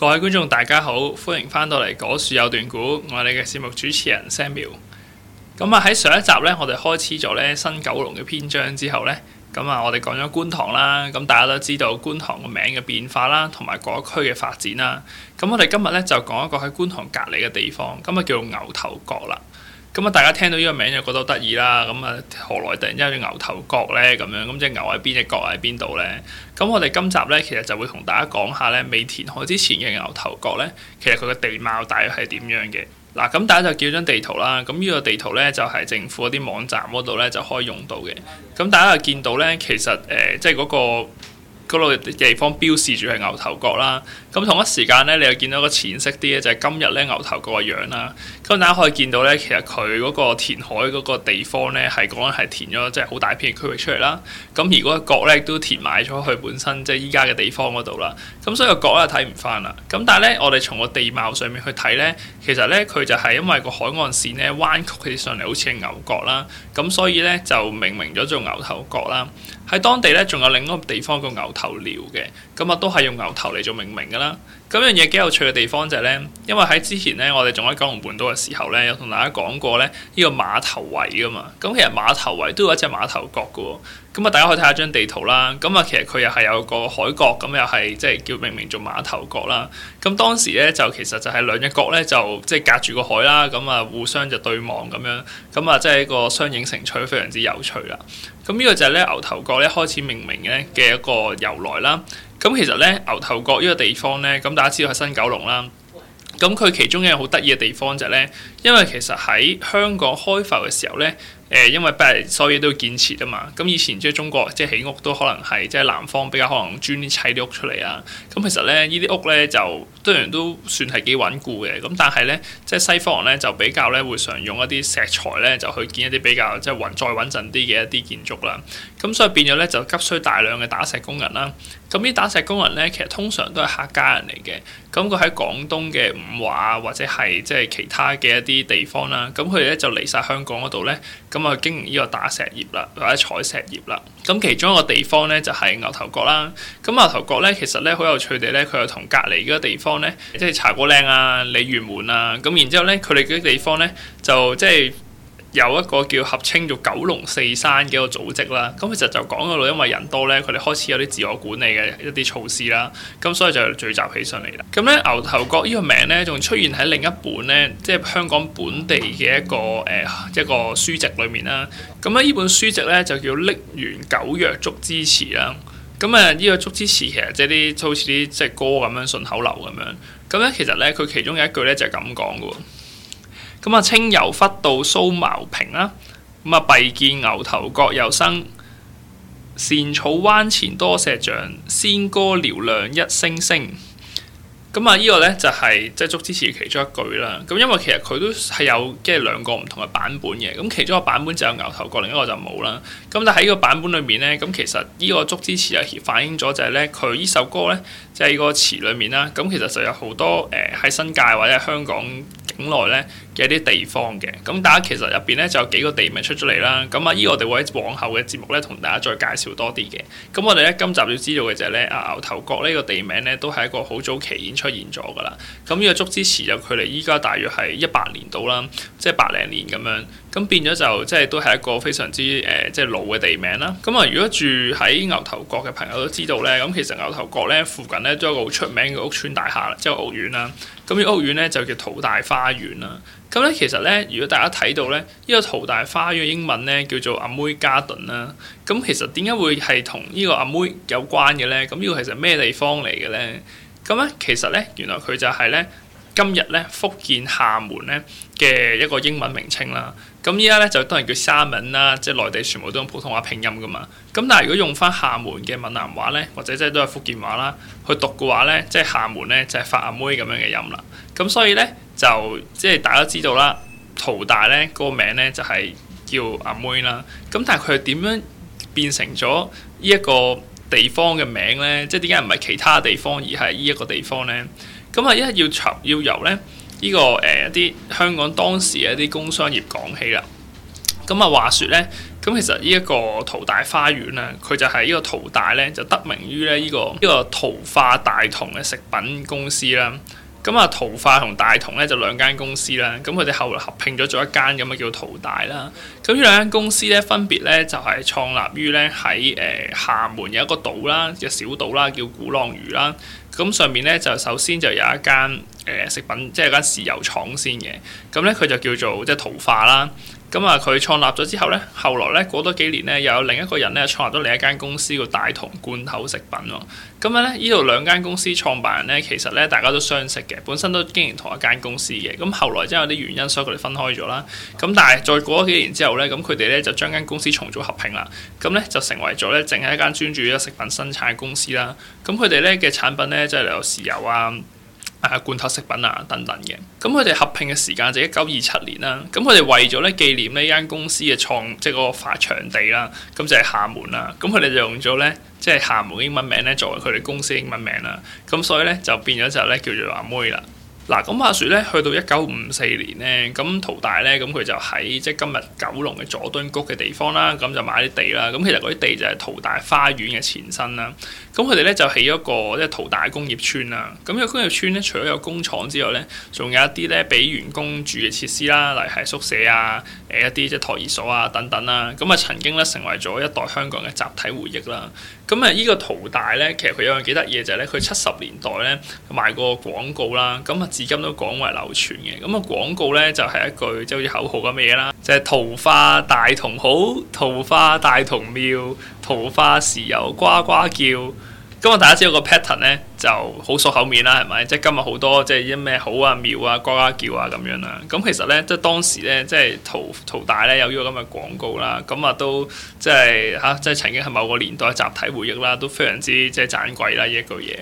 各位觀眾大家好，歡迎翻到嚟《果樹有段古》。我哋嘅節目主持人 Samuel。咁啊喺上一集呢，我哋開始咗呢新九龍嘅篇章之後呢，咁啊我哋講咗觀塘啦，咁大家都知道觀塘個名嘅變化啦，同埋各區嘅發展啦。咁我哋今日呢，就講一個喺觀塘隔籬嘅地方，咁啊叫做牛頭角啦。咁啊、嗯，大家聽到呢個名就覺得得意啦。咁、嗯、啊，何來突然間有隻牛頭角呢，咁樣咁隻、嗯、牛喺邊，隻角喺邊度呢？咁、嗯、我哋今集呢，其實就會同大家講下呢，未填海之前嘅牛頭角呢，其實佢嘅地貌大約係點樣嘅？嗱、啊，咁、嗯、大家就叫張地圖啦。咁、嗯、呢、這個地圖呢，就係、是、政府一啲網站嗰度呢就可以用到嘅。咁、嗯、大家就見到呢，其實誒，即係嗰個。嗰度地方標示住係牛頭角啦，咁同一時間咧，你又見到個淺色啲咧，就係今日咧牛頭角嘅樣啦。咁大家可以見到咧，其實佢嗰個填海嗰個地方咧，係講係填咗即係好大片嘅區域出嚟啦。咁如果個角咧，都填埋咗佢本身即係依家嘅地方嗰度啦。咁所以個角咧睇唔翻啦。咁但係咧，我哋從個地貌上面去睇咧，其實咧佢就係因為個海岸線咧彎曲起上嚟，好似係牛角啦。咁所以咧就命名咗做牛頭角啦。喺當地咧仲有另一個地方個牛頭頭嘅，咁啊，都係用牛頭嚟做命名噶啦。咁樣嘢幾有趣嘅地方就係咧，因為喺之前咧，我哋仲喺九龍半島嘅時候咧，有同大家講過咧，呢個碼頭位噶嘛。咁其實碼頭位都有一隻碼頭角噶。咁啊，大家可以睇下張地圖啦。咁啊，其實佢又係有個海角，咁又係即係叫命名做碼頭角啦。咁當時咧就其實就係兩隻角咧，就即係隔住個海啦。咁啊，互相就對望咁樣。咁啊，即係一個雙影成趣，非常之有趣啦。咁呢個就係咧牛頭角咧開始命名咧嘅一個由來啦。咁其實咧牛頭角呢個地方咧，咁大家知道係新九龍啦。咁佢其中一個好得意嘅地方就係咧，因為其實喺香港開埠嘅時候咧。誒，因為不係所有嘢都要建設噶嘛，咁以前即係中國即係起屋都可能係即係南方比較可能磚啲砌啲屋出嚟啊，咁其實咧呢啲屋咧就當然都算係幾穩固嘅，咁但係咧即係西方人咧就比較咧會常用一啲石材咧就去建一啲比較即係穩再穩陣啲嘅一啲建築啦，咁所以變咗咧就急需大量嘅打石工人啦，咁呢打石工人咧其實通常都係客家人嚟嘅，咁佢喺廣東嘅五華或者係即係其他嘅一啲地方啦，咁佢哋咧就嚟晒香港嗰度咧咁啊，經營呢個打石業啦，或者採石業啦。咁其中一個地方咧，就係牛頭角啦。咁牛頭角咧，其實咧好有趣地咧，佢又同隔離嗰個地方咧，即係茶果嶺啊、鯉魚門啊。咁然之後咧，佢哋嗰啲地方咧，就即係，有一個叫合稱做「九龍四山」嘅一個組織啦，咁其實就講到，因為人多咧，佢哋開始有啲自我管理嘅一啲措施啦，咁所以就聚集起上嚟啦。咁咧，牛頭角呢個名咧，仲出現喺另一本咧，即係香港本地嘅一個誒一個書籍裏面啦。咁咧，呢本書籍咧就叫《瀝源九約竹枝詞》啦。咁啊，呢個竹枝詞其實即係啲好似啲即係歌咁樣順口溜咁樣。咁咧，其實咧佢其中有一句咧就係咁講嘅喎。咁啊，清油忽到蘇茅坪啦。咁啊，避見牛頭角又生，善草灣前多石像，仙歌嘹亮一聲聲。咁啊，個呢個咧就係即係竹枝詞其中一句啦。咁因為其實佢都係有即係兩個唔同嘅版本嘅。咁其中一個版本就有牛頭角，另一個就冇啦。咁但喺呢個版本裏面咧，咁其實呢個竹枝詞啊反映咗就係咧，佢呢首歌咧，即、就、係、係、個詞裏面啦。咁其實就有好多誒喺、呃、新界或者香港境內咧嘅一啲地方嘅。咁大家其實入邊咧就有幾個地名出咗嚟啦。咁啊，依個我哋會喺往後嘅節目咧同大家再介紹多啲嘅。咁我哋咧今集要知道嘅就係咧，啊牛頭角呢個地名咧都係一個好早期演出現咗噶啦，咁、這、呢個竹之池就距離依家大約係一百年到啦，即、就、係、是、百零年咁樣，咁變咗就即係、就是、都係一個非常之誒即係老嘅地名啦。咁、嗯、啊，如果住喺牛頭角嘅朋友都知道咧，咁、嗯、其實牛頭角咧附近咧都有一個好出名嘅屋村大廈，即係屋苑啦。咁、嗯、呢、這個屋苑咧就叫淘大花園啦。咁、嗯、咧其實咧，如果大家睇到咧，呢、這個淘大花園嘅英文咧叫做阿妹加頓啦。咁、嗯、其實點解會係同呢個阿妹有關嘅咧？咁、嗯、呢、這個其實咩地方嚟嘅咧？咁咧、嗯，其實咧，原來佢就係咧，今日咧福建廈門咧嘅一個英文名稱啦。咁依家咧就當然叫沙文啦，即係內地全部都用普通話拼音噶嘛。咁但係如果用翻廈門嘅閩南話咧，或者即係都係福建話啦，去讀嘅話咧，即係廈門咧就係、是、發阿妹咁樣嘅音啦。咁、嗯、所以咧就即係大家知道啦，淘大咧嗰、那個名咧就係、是、叫阿妹啦。咁但係佢係點樣變成咗呢一個地方嘅名呢，即係點解唔係其他地方而係呢一個地方呢？咁啊、這個，一係要長要由呢，呢個誒一啲香港當時嘅一啲工商業講起啦。咁啊，話說呢，咁其實呢一個淘大花園咧，佢就係呢個淘大呢，就得名於呢、這、依個依、這個淘化大同嘅食品公司啦。咁啊，陶化同大同咧就兩間公司啦。咁佢哋後來合併咗做一間，咁啊，叫陶大啦。咁呢兩間公司咧分別咧就係創立於咧喺誒廈門有一個島啦，隻小島啦，叫鼓浪嶼啦。咁上面咧就首先就有一間誒、呃、食品，即係間豉油廠先嘅。咁咧佢就叫做即係陶化啦。咁啊，佢創立咗之後呢，後來呢過多幾年呢，又有另一個人呢，創立咗另一間公司叫大同罐頭食品。咁樣呢，呢度兩間公司創辦人呢，其實呢，大家都相識嘅，本身都經營同一間公司嘅。咁後來真係有啲原因，所以佢哋分開咗啦。咁但係再過咗幾年之後呢，咁佢哋呢，就將間公司重組合併啦。咁呢，就成為咗呢，淨係一間專注於食品生產公司啦。咁佢哋呢嘅產品呢，即係有豉油啊。誒、啊、罐頭食品啊等等嘅，咁佢哋合併嘅時間就一九二七年啦。咁佢哋為咗咧紀念呢間公司嘅創即係嗰個發祥地啦，咁就係、是、廈門啦。咁佢哋就用咗咧即係廈門英文名咧作為佢哋公司英文名啦。咁所以咧就變咗就咧叫做阿妹啦。嗱，咁話説咧，去到一九五四年咧，咁淘大咧，咁佢就喺即係今日九龍嘅佐敦谷嘅地方啦，咁就買啲地啦。咁其實嗰啲地就係淘大花園嘅前身啦。咁佢哋咧就起咗個即係淘大工業村啦。咁呢個工業村咧，除咗有工廠之外咧，仲有一啲咧俾員工住嘅設施啦，例如係宿舍啊，誒一啲即係托兒所啊等等啦。咁啊曾經咧成為咗一代香港嘅集體回憶啦。咁啊，呢個桃大咧，其實佢有樣幾得意嘅就係咧，佢七十年代咧賣過廣告啦，咁啊至今都廣為流傳嘅。咁、嗯、啊廣告咧就係、是、一句即係好似口號咁嘅嘢啦，就係、是、桃花大同好，桃花大同妙，桃花時有呱呱叫。今日大家知道個 pattern 咧就好熟口面啦，係咪？即係今日好多即係啲咩好啊、妙啊、呱呱叫啊咁樣啦。咁其實咧，即係當時咧，即係淘淘大咧有呢個咁嘅廣告啦。咁啊都即係嚇，即係曾經係某個年代集體回憶啦，都非常之即係盞鬼啦呢一句嘢。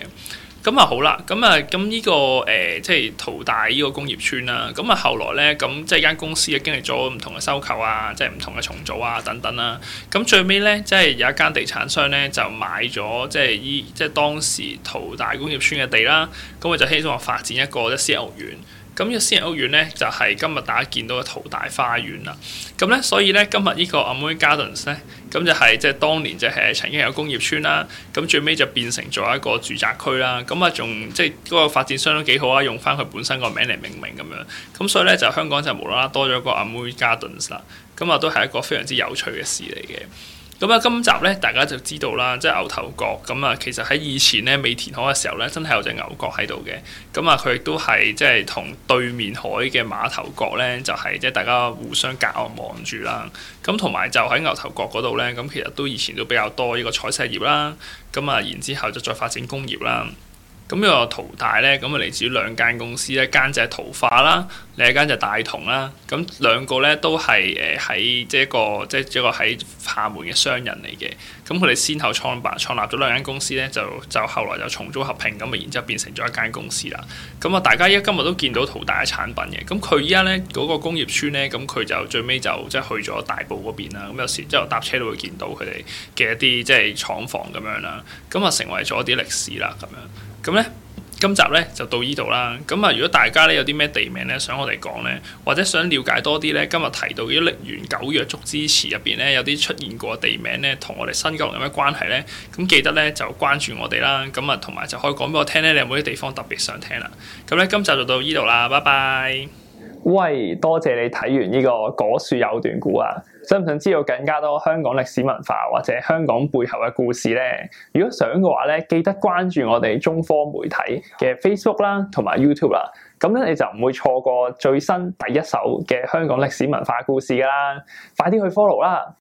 咁啊好啦，咁啊咁呢個誒、呃、即係淘大呢個工業村啦，咁啊後來咧咁即係間公司啊經歷咗唔同嘅收購啊，即係唔同嘅重組啊等等啦，咁最尾咧即係有一間地產商咧就買咗即係依即係當時淘大工業村嘅地啦，咁佢就希望發展一個一 C L 園。咁嘅私人屋苑咧，就係今日大家見到嘅淘大花園啦。咁咧，所以咧，今日呢個 Amoy Gardens 咧，咁就係、是、即係當年就係曾經有工業村啦。咁最尾就變成咗一個住宅區啦。咁啊，仲即係嗰個發展商都幾好啊，用翻佢本身個名嚟命名咁樣。咁所以咧，就香港就無啦啦多咗個 Amoy Gardens 啦。咁啊，都係一個非常之有趣嘅事嚟嘅。咁啊、嗯，今集咧大家就知道啦，即係牛頭角咁啊、嗯，其實喺以前咧未填海嘅時候咧，真係有隻牛角喺度嘅。咁、嗯、啊，佢亦都係即係同對面海嘅碼頭角咧，就係、是、即係大家互相隔岸望住啦。咁同埋就喺牛頭角嗰度咧，咁、嗯、其實都以前都比較多呢個採石業啦。咁、嗯、啊，然之後就再發展工業啦。咁呢個淘大咧，咁啊，嚟自於兩間公司，一間就係淘化啦，另一間就係大同啦。咁兩個咧都係誒喺即係一個即係一個喺廈門嘅商人嚟嘅。咁佢哋先後創辦創立咗兩間公司咧，就就後來就重組合併咁啊，然之後變成咗一間公司啦。咁啊，大家依家今日都見到淘大嘅產品嘅。咁佢依家咧嗰個工業村咧，咁佢就最尾就即係去咗大埔嗰邊啦。咁有時之後搭車都會見到佢哋嘅一啲即係廠房咁樣啦。咁啊，成為咗一啲歷史啦咁樣。咁咧，今集咧就到依度啦。咁啊，如果大家咧有啲咩地名咧想我哋講咧，或者想了解多啲咧，今日提到嘅啲《歷元九約竹枝詞》入邊咧有啲出現過嘅地名咧，同我哋新九龍有咩關係咧？咁記得咧就關注我哋啦。咁啊，同埋就可以講俾我聽咧，你有冇啲地方特別想聽啦？咁咧，今集就到依度啦，拜拜。喂，多謝你睇完呢個《果樹有段古》啊！想唔想知道更加多香港歷史文化或者香港背後嘅故事咧？如果想嘅話咧，記得關注我哋中科媒體嘅 Facebook 啦，同埋 YouTube 啦。咁咧你就唔會錯過最新第一手嘅香港歷史文化故事噶啦。快啲去 follow 啦！